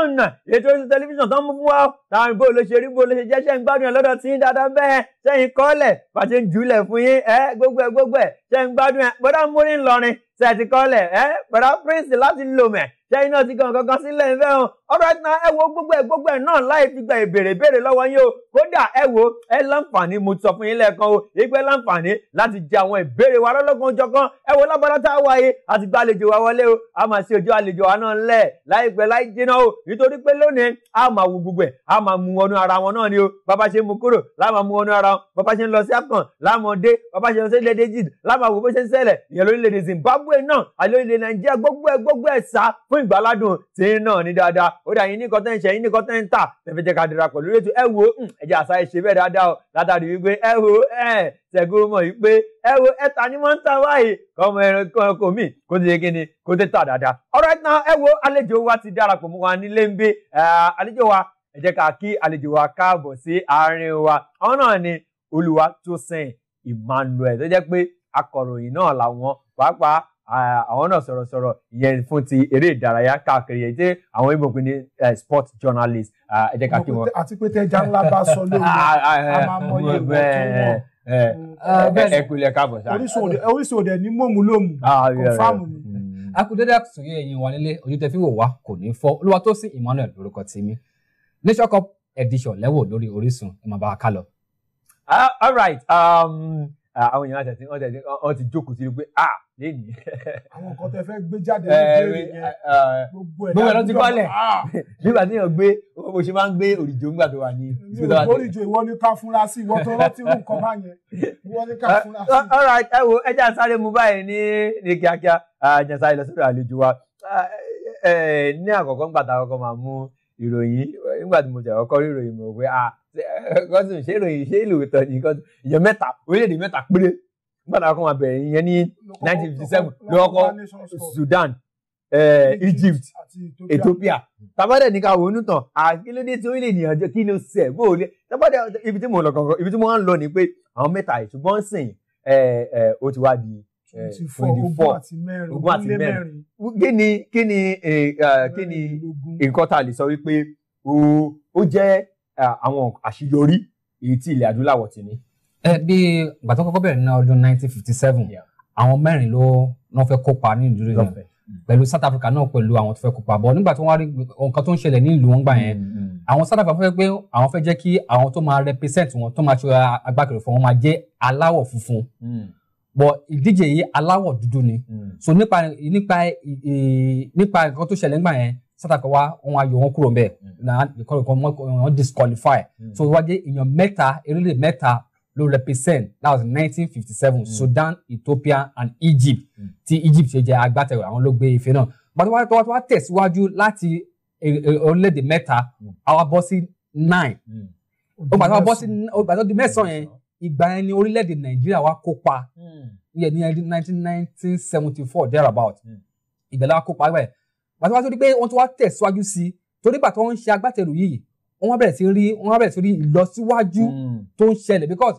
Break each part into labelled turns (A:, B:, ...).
A: tẹlifíṣàn náà ètò ètò tẹlifíṣàn tó ń mú fún wa táwọn ìbò ló ṣe rí bó ló ṣe jẹ́ ṣẹ́ ń gbádùn ẹ̀ lọ́dọ̀ tí yín dáadáa bẹ́ẹ̀ sẹ́yìn kọ́lẹ̀ bàtí ń jùlẹ̀ fún yín ẹ gbogbo ẹ gbogbo ẹ ṣẹ́ ń gbádùn ẹ bọ́dá múrin ńlọrin ṣẹ́ ti kọ́lẹ̀ ẹ bọ́dá prince láti lòmẹ̀ ṣẹ́yìn náà ti kàn kankan sílẹ̀ ń fẹ́ hàn alright na ẹ wo gbogbo ẹ gbogbo ẹ náà láì fi gba ìbèrè béèrè lọ́wọ́ yín o kódà ẹ wo ẹ láǹfààní mo sọ fún yín lẹ́ẹ̀kan o ìgbẹ́ láǹfààní láti jẹ àwọn ìbéèrè wa lọ́lọ́kan jọkan ẹ wo lábọ́dá tá a wá yé àti gba àlejò wa wọlé o a máa ṣe ojú àlejò wa náà lẹ̀ láìpẹ́ láì jìnnà o nítorí pé lónìí a máa wo gbogbo ẹ̀ a máa mu ọnu ara wọn náà ni o bàbá ṣe mu kúrò láàmà mu ọnu ara wọn bàbá ṣe ń lọ sí afghan láàmọdé bàbá ṣe ń lọ sí ilẹ̀ dejid láàmà wo bó ṣe ń ṣẹlẹ̀ ìyẹn lórílẹ̀‐èdè Zimbabwe náà àlórílẹ̀ Nàìjíríà gbogbo ó dà yín ní kọ́tẹ́ ń ṣe yín ní kọ́tẹ́ ń tà tẹ̀fẹ́ jẹ́ ká dira pẹ̀lú rétò ẹ wo hmm, ẹ̀jẹ̀ àṣà ẹ̀ ṣe bẹ́ẹ̀ dáadáa o látàrí wípé ẹ wo ẹ̀ ṣẹ̀gun mọ̀ yìí pé ẹ wo ẹ ta ni wọ́n ń ta wáyé kọ́mọ ẹranko mi kó ti kí ni kó ti tà dáadáa. alright now ẹ wo àlejò wa ti darapọ̀ mọ́ wa nílé ń gbé àlejò wa ẹ jẹ́ ká kí àlejò wa káàbọ̀ sí àárín wa àwọn náà ni Olúwatósìn Emmanuel tó jẹ́ pé akọ̀ròyìn náà làwọn pàápàá Ah, àwọn náà sọ̀rọ̀sọ̀rọ̀ ìyẹn fún ti eré ìdárayá káàkiri èyí tí àwọn Ìgbò pè ní eh, sport journalist ah, ẹ jẹ́ ká kí wọn.
B: àti pé tẹ́jà ńlá bá sọ lórí ah, a máa mọ iye eh, ìwọ tó wọ̀ eh, mm. ẹ kúlẹ̀ káàbọ̀ sáà. orísun òde ní mòmù lòmù kọfàmù ni.
C: akudede mm. àtúnyẹ ẹ̀yin wa nílé ojú tẹ́ fi wò wá kò ní fọ́ olúwa tó sí Emmanuel lórúkọ tèmi nation cup edition lẹ́wọ̀ lórí Orísun ìmọ̀ bá a ká lọ.
A: all right. Um, Ah, àwọn èèyàn àti wọn ti wọn ti jókòó sí i pé ah lẹ́yìn.
B: àwọn kan tẹ fẹ́ gbé jáde eh, lórí ìbéèrè yẹn eh, eh, gbogbo ẹ̀dá gbogbo ẹ̀dá ti kọ́lẹ̀ ah!
A: nígbà tí èèyàn gbé bó ṣe máa ń gbé òrìjò ńgbà tó wà ní. òrìjò ìwọ ni ká fúnra sí ìwọ tó rántí irú nǹkan bá
B: yẹn ìwọ ni ká fúnra sí. ọ̀rọ̀ ẹ
A: wo ẹja sáré mu báyìí ní ní kíákíá àjànsá ìlọsílẹ̀ àlejò wa ní àkọ́kọ́ ńgbà tá a kọ́kọ́ máa mú ìròyìn nígbà tí mo jẹ́ àkọ́kọ́ rí ìròyìn mọ̀ pé ah, Godson ṣé ìròyìn ṣé ìlú ìtọ́ ni Godson ìyẹn mẹ́ta orílẹ̀-èdè mẹ́ta péré gbọ́dọ̀ kọ́ máa bẹ̀rẹ̀ ìyẹn ní nineteen fifty seven lọ́kọ́ Sudan Egypt Ethiopia tabadẹ ní ká wọnú tán àkílódé tí orílẹ̀-èdè àjọ kí ló ṣe bó o lé tabadẹ ibi tí mo lọ kankan ibi tí mo ń lọ ni pé àwọn mẹ́ta ìṣùgbọ́n sìn ó ti wá di twenty four
B: ogún àti mẹ́rin
A: kí ni kí ni kí ni nǹkan tá a lè sọ wípé ó jẹ́ àwọn àṣeyọrí èyí tí ilẹ̀ adúláwọ̀ ti ní.
C: ẹ bí ìgbà tó kọ́kọ́ bẹ̀rẹ̀ ní ọdún 1957 àwọn mẹ́rin ló náà fẹ́ kópa ní ìdúró náà mm. pẹ̀lú South Africa náà pẹ̀lú àwọn tó fẹ́ kópa bọ̀ nígbà tó wá rí nǹkan tó ń ṣẹlẹ̀ ní ìlú wọn gbà yẹn mm, mm. àwọn South Africa fẹ́ pé àwọn fẹ́ jẹ́ kí àwọn tó máa represent wọn tó máa ṣe agbákẹ̀rẹ̀ fún wọn máa jẹ́ aláwọ̀ funfun bọ̀ ìdíje yìí aláwọ̀ dúdú ni so nípa nípa nípa nǹkan tó ṣẹlẹ̀ nígbà yẹn sátàkọ́wá wọn ayọ̀ wọn kúrò mbẹ́ na wọn disqualify mm. so wọ́n èèyàn mẹ́ta eréle mẹ́ta ló represent that was nineteen fifty seven mm. Sudan Ethiopia and Egypt mm. tí Egypt ṣe jẹ́ agbátẹrù àwọn ló gbé ife náà gbàtọ́wá tó wá tẹ̀síwájú láti e, e, orílẹ̀-èdè mẹ́ta àwa bọ́ sí nine ó gbàtọ́wá bọ́ sí ó gbàtọ́wá di mẹ́sàn-án yẹn ìgbà yẹn ni orílẹ̀-èdè Nàìjíríà wa kópa ní nineteen seventy four thereabout ìgbàlá wa kópa bẹ́ẹ̀ wàá tó wá sórí pé wọ́n tún wá tẹ̀síwájú sí i torí gbà tó ń ṣe agbátẹrù yìí wọ́n bẹ̀rẹ̀ sí rí wọ́n bẹ̀rẹ̀ sí rí ìlọsíwájú hmm. tó ń ṣẹlẹ̀ because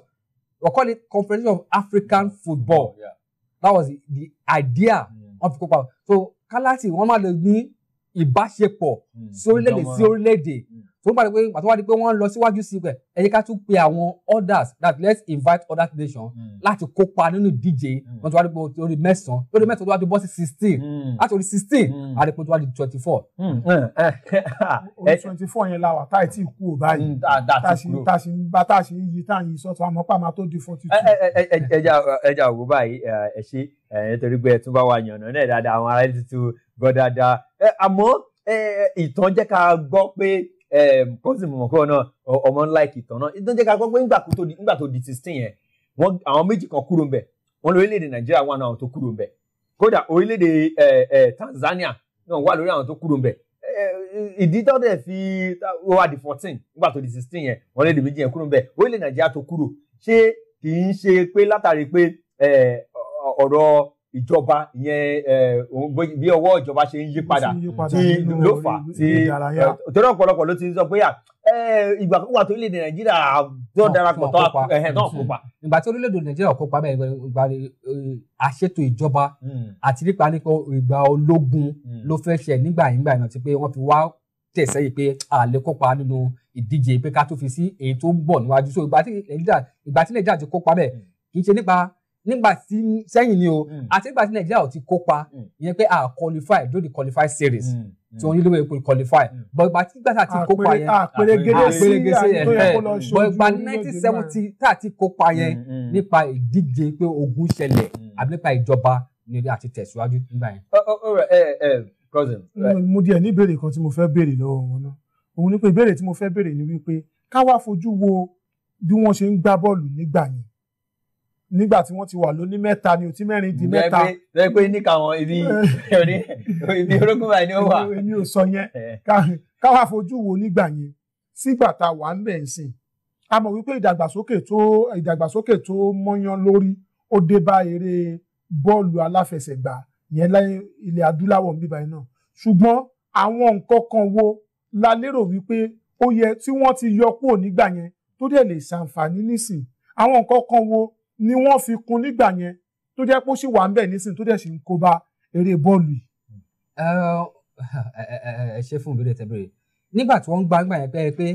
C: wọ́n call it confederation of African hmm. football that was the idea hmm. wọ́n fi kópa so kálásì wọ́n máa lè ní ìbáṣepọ̀ sí orílẹ̀-èdè sí orílẹ̀-èdè tó ń pàdé pé pàtó wá di pé wọ́n lọ síwájú sí pẹ̀ ẹ jẹ́ ká tún pe àwọn others that let's invite other nations hmm. láti kópa nínú ìdíje hmm. wọn tó wá di pé orí mẹ́sàn-án lórí mẹ́sàn-án tó wá di bọ́ sí sixteen hmm. láti orí sixteen àdìpọ̀ tó wá di twenty
B: four. Eh, eh, eh. orí twenty four yẹn la wà táì tí ì kú ò báyìí tá a ṣe ń bá tá a ṣe ń yí tá a yin sọ́tún àmọ́ pàmò tó di forty two.
A: ẹja òwò báyìí ẹ ṣe nítorí pé ẹ tún bá wa yànnà náà dáadáa àwọn ará ẹ ti tu gbọ́ dáadáa àmọ́ ìtàn jẹ́ ká gbọ́ pé kọ́sì mọ̀mọ́ náà ọmọ ńlá ìkìtàn náà ìtàn jẹ́ ká gbọ́ di sixteen yẹn wọ́n àwọn méjì kan kúrò ńbẹ̀ wọ́n lórílẹ̀‐èdè nàìjíríà wà náà tó kúrò ńbẹ̀ kódà orílẹ̀‐èdè eh, eh, tanzania náà wà lórí àwọn tó kúrò ńbẹ̀ eh, ìdí tó dẹ̀ fi wá di fourteen nígbà tó di sixteen yẹn wọ́n lórílẹ̀‐èdè méjì yẹn kúrò ńbẹ̀ orílẹ̀ nàìjíríà tó kúrò ṣé kì í ṣe pé látàrí pé ìjọba ìyẹn bí ọwọ́ ìjọba ṣe ń yí padà tí ló fà tí torí ọ̀pọ̀lọpọ̀ ló ti sọ pé ìgbà kúwà tó orílẹ̀-èdè
C: nàìjíríà tó darapọ̀ tó kópa. ìgbà tí orílẹ̀-èdè nàìjíríà kópa bẹ́ẹ̀ ìgbà àṣetò ìjọba hmm. àti nípa nípa ìgbà ológun hmm. ló fẹ́ ṣe nígbà yìngbà náà ti pé wọ́n fi wá tẹ̀sẹ̀ yìí pé a lè kópa nínú ìdíje pé ká tó fi sí èyí tó ń bọ̀ níwájú nígbà tí sẹ́yìn ni o mm. àti nígbà tí nàìjíríà ò ti kópa mm. ìyẹn pé a qualify do the qualify series tí wọ́n nílò pé qualify mm. but ìgbà tí gbàtà ti kópa yẹn àpèrègèdè ah, sí yẹn but ìgbà nineteen seventy tá a ti kópa yẹn nípa ìdíje pé ogun ṣẹlẹ̀ àbí nípa ìjọba nílé àti tẹ̀síwájú nígbà yẹn. Oh, oh, oh, eh, eh,
B: mo di ẹ̀ ní ìbéèrè kan tí mo fẹ́ béèrè lọ́wọ́ wọn náà òun ni pé ìbéèrè tí mo fẹ́ béèrè ni wípé ká wá fojú wo bí wọ́n ṣe ń gbá bọ́ọ̀lù nígbà yẹn nígbà tí wọ́n ti wà lóní mẹ́ta ni ò tí mẹ́rin di mẹ́ta. bẹ́ẹ̀ pé níka wọn ibi ibi orókùn báyìí ni ó wà. èmi ò sọ yẹn káwá fojú wo nígbà yẹn sígbà tá a wà ń bẹ̀ ń sìn a mọ̀ wípé ìdàgbàsókè tó ìdàgbàsókè tó mọ́yán lórí ó dé bá eré bọ́ọ̀lù aláfẹsẹ̀gbá yẹn láyé ilẹ̀ adúláwọ̀ níbà yẹn náà ṣùgbọ́n àwọn nǹkan kan wo la lérò wípé ó yẹ tí wọ́n ti yọ kúrò nígbà yẹn tó dẹ̀ lè ṣàǹfààní nísìn àwọn nǹkan kan wo ni wọ́n fi kún nígbà yẹn tó jẹ́ pé ó sì wà ń bẹ̀ nísìnyí tó dẹ̀ sì ń kó bá eré bọ́ọ̀lù yìí.
C: ẹ ṣe fún ìbéèrè tẹ́bẹ̀rẹ̀ nígbà tí wọ́n ń gbàgbà yẹn pé pé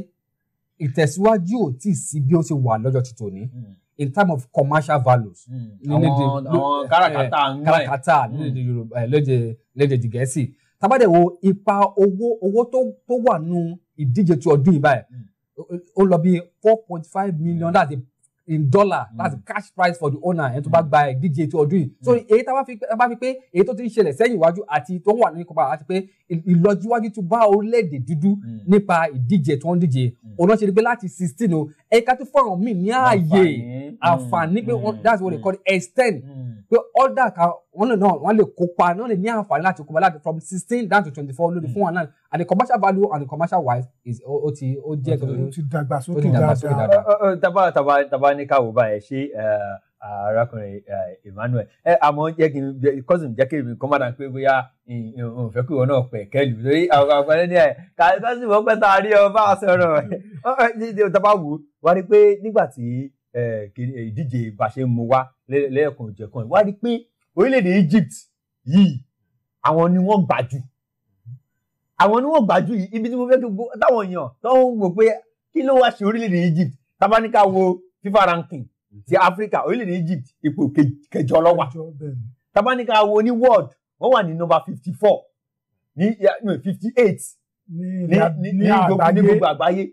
C: ìtẹ̀síwájú ò tí ì sí bí ó ti wà lọ́jọ́ ti tòní hmm. in terms of commercial values. Hmm. àwọn káràkátà ń gbà yẹn káràkátà hmm. lédè Gẹ̀ẹ́sì tabadẹ wo ipa owó owó tó wà nù ìdíje ti ọdún yìí báyìí ó lọ bí four point five million láti in dollar mm. that's the cash price for the owner ẹni tó bá gba ìdíje tó ọdún yìí so hmm. èyí tá a bá fi pé èyí tó ti ń ṣẹlẹ̀ sẹ́yìn iwájú àti tó ń wà ní kópa àti pé ìlọsíwájú tó bá orílẹ̀-èdè dúdú hmm. nípa ìdíje tó ń díje òun hmm. náà ṣe ni pé láti sixteen o ẹ̀ka tó fọ̀ràn mí ní ààyè àǹfààní pé that's what they call extend pé order kan wọn lè náà wọn lè kópa náà lè ní àǹfààní láti kópa láti from sixteen down to twenty four lórí hmm. fún wọn náà and the commercial value and the commercial wise is o ti o jẹ gbogbo o ti dàgbàsókè dáadáa.
A: taba taba taba ní káwọ báyẹn ṣé arákùnrin Emmanuel ẹ àmọ́ jẹ kí n cousin jẹ kí n kọ má dà pé bóyá n fẹ́ kí ìwọ náà pẹ kẹlù torí àwọn àgbọn ní ẹ kàlẹ cousin wọn pẹ tá ọ bá a sọ̀rọ̀ taba wù wá rí pé nígbà tí ìdíje bá ṣe ń mu wá lẹ́ẹ̀kan òjẹ̀kan wá rí pé orílẹ̀-èdè Egypt yìí àwọn ni wọ́n gbà jù àwọn ni wọ́n gbà jù yìí ibi tí mo fẹ́ kí táwọn èèyàn tó ń wò pé kí ló wá ṣe orílẹ̀-èdè Egypt tábánikà wo FIFA ranking ti Africa orílẹ̀-èdè Egypt ipò kẹjọ ló wà tábánikà wo ní world wọ́n wà ní number fifty four ní fifty eight
B: ní gbogbo
A: àgbáyé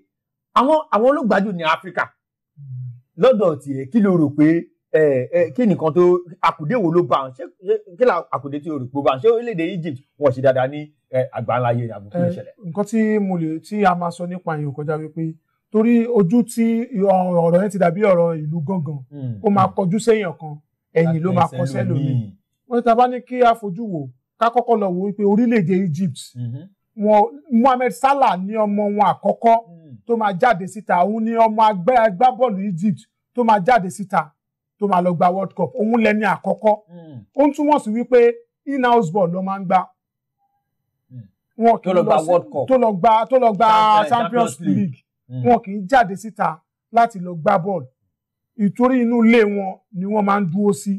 A: àwọn àwọn ló gbà jù ní Africa lọ́dọ̀ tiẹ̀ kí ló rò pé kí nìkan tó àkùdé wo ló bá wọn ṣé kí la àkùdé tí o rò pé ó bá wọn ṣé orílẹ̀-èdè Egypt wọn ṣe dáadáa ní àgbáńláyé
B: àbò kí ló ṣẹlẹ̀. nǹkan tí mo lè tí a máa sọ nípa yìí ò kọjá wípé torí ojú tí ọ̀rọ̀ yẹn ti dàbí ọ̀rọ̀ ìlú gangan hmm. ó máa kọjú sẹ́yìn kan ẹ̀yìn ló máa kọ sẹ́lòmíì wọ́n ti ta bá ní kí a fojú wò ká kọ́kọ́ lọ wò wípé orílẹ̀-èdè Egypt mm-hmm. Mohammed Salah ní ọmọ wọn àkọ́kọ́. Mm tó máa jáde síta òun ni ọmọ agbábọ́ọ̀lù Egypt tó máa jáde síta tó máa lọ gba World Cup òun lẹni àkọ́kọ́ hmm. ó ń túmọ̀ sí wípé in-house ball ló máa ń gbá hmm. wọn kì í lọ sí tó lọ gba tó lọ gba Champions League hmm. wọn kì í jáde síta láti lọ gbá bọ́ọ̀lù ìtorí inú ilé wọn ni wọ́n máa ń dúró sí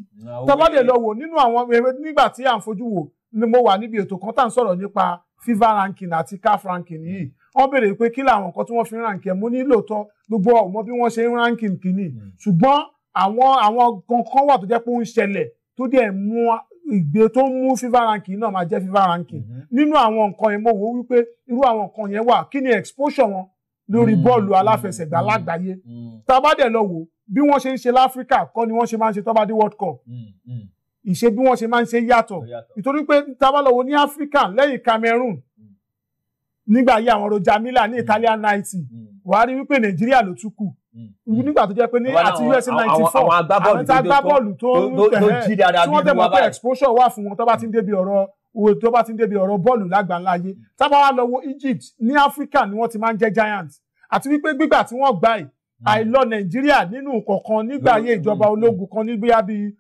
B: tábàdé lọ wò nínú àwọn nígbà tí à ń fojú wò ni mo wà níbi ètò kan tá à ń sọ̀rọ̀ nípa FIFA ranking àti CAF ranking yìí wọ́n béèrè pé kí làwọn nǹkan tí wọ́n fi ránkì ẹ̀ mo ní lóòótọ́ gbogbo ọ̀mọ bí wọ́n ṣe ń ránkì kìíní hmm. ṣùgbọ́n àwọn àwọn kankan wà tó jẹ́ pé ó ń ṣẹlẹ̀ tó dẹ̀ mú ìgbé tó ń mú fífa ránkì náà máa jẹ́ fífa ránkì hmm. nínú àwọn nǹkan yẹn mo wò wípé irú àwọn nǹkan yẹn wà kí ni exposure wọn lórí hmm. bọ́ọ̀lù aláfẹsẹ̀gbá lágbàáyé tá a bá dẹ̀ lọ wò bí wọ́n ṣe ń ṣe láfíríkà kọ́ ni wọ́n ṣe máa ń ṣe tó world cup ìṣe bí wọ́n ṣe máa ń ṣe yàtọ̀ nítorí pé tá a bá lọ ní áfíríkà lẹ́yìn Cameroon nígbà yí àwọn roja Miller ní Italian ninety hmm. wà á rí wípé Nàìjíríà ló tún kù hmm. nígbà tó jẹ́ pé ní àti US ninety four àwọn tá agbábọ́ọ̀lù tó ń tẹ̀lé tí wọ́n tẹ̀ mọ́ pé exposure wà fún wọn tó bá ti ń débi ọ̀rọ̀ owó tó bá ti ń débi ọ̀rọ̀ bọ́ọ̀lù lágbàńlá ayé hmm. tábà wà lọ́wọ́ Egypt ní Africa ni wọ́n ti máa ń jẹ́ giants àti wípé gbígbà tí wọ́n gbà yìí àìlọ Nàìjíríà nínú kọ̀ọ̀kan nígbà ayé ìjọba ológun kan ní bíi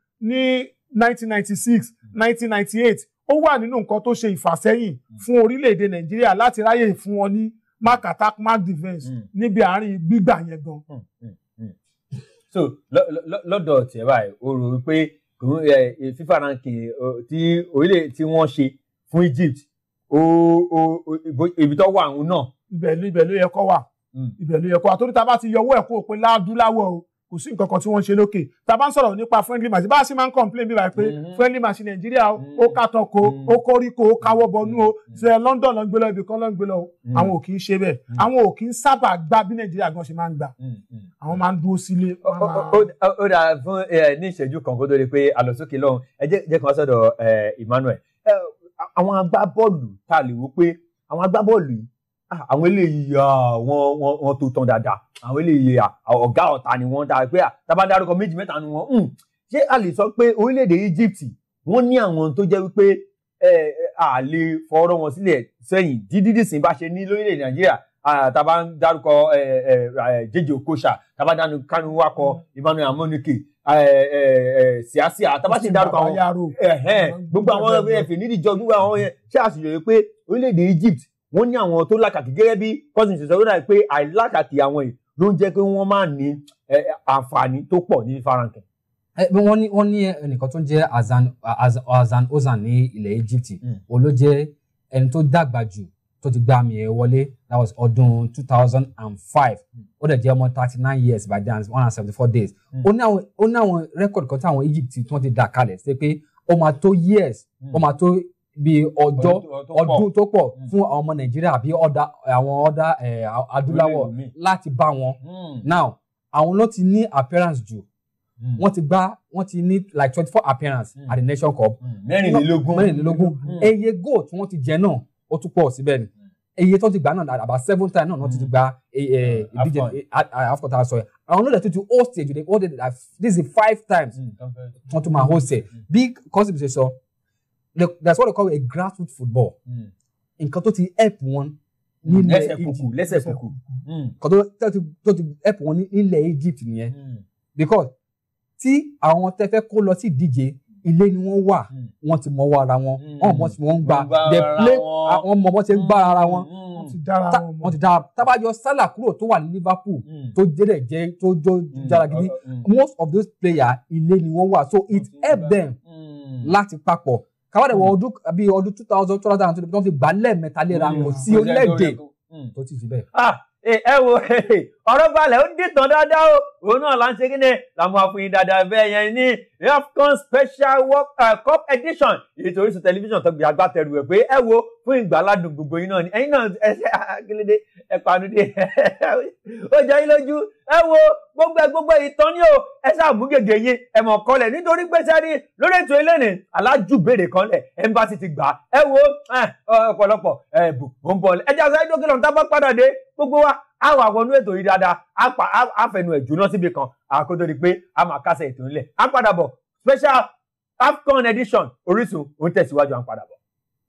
B: nineteen ninety six nineteen ninety eight ó wà nínú nǹkan tó ṣe ìfàsẹ́yìn hmm. fún orílẹ̀-èdè nàìjíríà láti ráyè fún wọn ní mark attack mark defence hmm. níbi àárín gbígbà yẹn gan.
A: Hmm, so lọ́dọ̀ tiẹ̀ báyìí o rò wípé fífa ránkì tí orílẹ̀ tí wọ́n ṣe fún Egypt
B: ibi tó wà òun náà. ibẹ̀ ló yẹ kó wà ibẹ̀ ló yẹ kó wà torí ta bá ti yọwọ́ ẹ̀ kó o pe ládùúláwọ̀ o kò sí nǹkan kan tí wọ́n ṣe lókè tá a bá ń sọ̀rọ̀ nípa friendly match bá a sì máa ń complain bí wàá pé mm-hmm. friendly match nàìjíríà mm-hmm. ó kàtàn ko mm-hmm. ó koríko ó káwọ́ bọnú o ṣe London ló ń gbé lọ ibì kan ló ń gbé lọ àwọn ò kì í ṣe bẹ́ẹ̀ àwọn ò kì í sábà gbá bí nàìjíríà gan ṣe máa ń gbà àwọn máa ń dúró sílé.
A: ó dà fún ní ìṣẹ́jú kan kó tó di pé àlọ́sókè lọ́hùn ẹ jẹ́ kan sọ́dọ̀ Emmanuel àwọn agbábọ́ọ̀lù tá a lè wò pé àwọn agbábọ́ọ̀lù yìí Ah, àwọn eléyìí ah, wọn wọn wọn tó tán dáadáa àwọn eléyìí ah, ọ̀gá ọ̀tá ni wọ́n dáa pé tábà dárúkọ méjì mẹ́ta ni wọ́n hmm, ṣé a lè sọ pé orílẹ̀-èdè Egypt wọ́n ní àwọn tó jẹ́ wípé a lè fọ̀rọ̀ wọn sílẹ̀ sẹ́yìn dídídìsìn bá ṣe ní lórílẹ̀-èdè Nàìjíríà tábà dárúkọ Jèjì Okocha tábà dánú Kánú Wakọ Emmanuel Amunike síásíá tábà ti dárúkọ àwọn gbogbo àwọn ẹ̀fẹ̀ nídìí jọ gbogbo àwọn yẹn ṣé àṣìyọ̀ pé orílẹ̀-èdè Egypt wọ́n ní àwọn tó làkàkì gẹ́gẹ́ bí cousin ṣe sọ lórí pé àìlàkàkì àwọn yìí ló ń jẹ́ pé wọ́n
C: máa ní àǹfààní tó pọ̀ ní farankin. wọ́n ní wọ́n ní ẹnìkan tó ń jẹ́ Hassan Ozan ní ilẹ̀ Egypt hmm. òun ló jẹ́ ẹni tó dàgbà jù tó ti gba àmì ẹ̀ wọlé that was ọdún two thousand and five hmm. ó dẹ̀ jẹ́ ọmọ thirty nine years by then one hundred seventy four days hmm. ó ní àwọn ó ní àwọn rẹ́kọ̀dì kan tí àwọn Egypt tí wọ́n ti dà kalẹ̀ ṣe pé ó máa tó years ó máa tó bíi ọjọ́ ọdún tó pọ̀ hmm. fún àwọn ọmọ nàìjíríà àbí àwọn ọ̀dà adúláwọ̀ láti bá wọn hmm. now àwọn ló ti ní appearance jù hmm. wọ́n ti gbá wọ́n ti ní like twenty four appearance at the nation cup mẹ́rìnlélógún mẹ́rìnlélógún eye goal tí wọ́n ti jẹ náà ó tún pọ̀ síbẹ̀ ni eye tó ti gbà náà about seven times náà wọ́n ti gba ìdíje afcon tá a sọ yẹn àwọn olóòtú tó ti host it they hold it like this is five times wọ́n tún máa host it bí kọ́sìbì ṣe sọ the, that's what they call a grassroots football In hmm. nǹkan tó ti help wọn hmm. nílẹ̀ Egypt lẹ́sẹ̀ kúkú hmm. nǹkan tó ti help wọn in Egypt nìyẹn because tí àwọn tẹ́ fẹ́ kó lọ sí ìdíje ilé ni wọ́n wà wọ́n ti mọwọ́ ara wọn wọ́n mọ̀ tí wọ́n gba the play àwọn mọ̀ wọ́n ti ń gbá ara wọn wọ́n ti dára tábàyọ Salah kúrò tó wà ní Liverpool tó jẹ́rẹ̀ jẹ́ tó jó jára gidi most of those players ilé ni wọ́n wà so it help them láti papọ̀ káwádẹ̀ wọ hmm. ọdún bíi ọdún two thousand two thousand two twenty tó ń fi gbà lẹ́ẹ̀mẹ́ta léra kò sí orílẹ̀-èdè hmm. tó ti fi bẹ́ẹ̀. Ah, eh, ẹ wo ọ̀rọ̀ balẹ̀ ó dìtàn
A: dáadáa o òun náà là ń ṣe kíni làwọn àfihàn dáadáa bẹ́ẹ̀ yẹn ní afcon special world eh, cup edition ètò Orísun tẹlifíṣàn tó gbé agbátẹrù ẹ̀ pé ẹ wo fún ìgbàládùn gbogbo yín náà ni ẹ̀yin náà ẹ ṣe akíndé ah, ẹ panudé ó jẹ́ yín lójú ẹ wo gbogbo ẹ gbogbo ìtàn ni o ẹ ṣàmú gègé yín ẹ mọ̀ kọlẹ̀ nítorí pé sẹ́ni lórí ètò eléni alájú béèrè kan lẹ̀ ẹmbásí ti gbà ẹ wo eh, ọ̀pọ̀lọpọ̀ eh, ẹ̀ bù ó ń bọ̀ ẹ jẹ́ àṣà ìdókè lọ́nà tá a bá padà dé gbogbo wa á wà wọnú ètò yìí dáadáa a fẹnu ẹ̀ jóná síbi kan àkótó di pé a máa kásẹ̀ ètò ńlẹ̀ á padà bọ̀ special AFCON edition Orísun òun tẹ̀síwájú à ń padà bọ̀.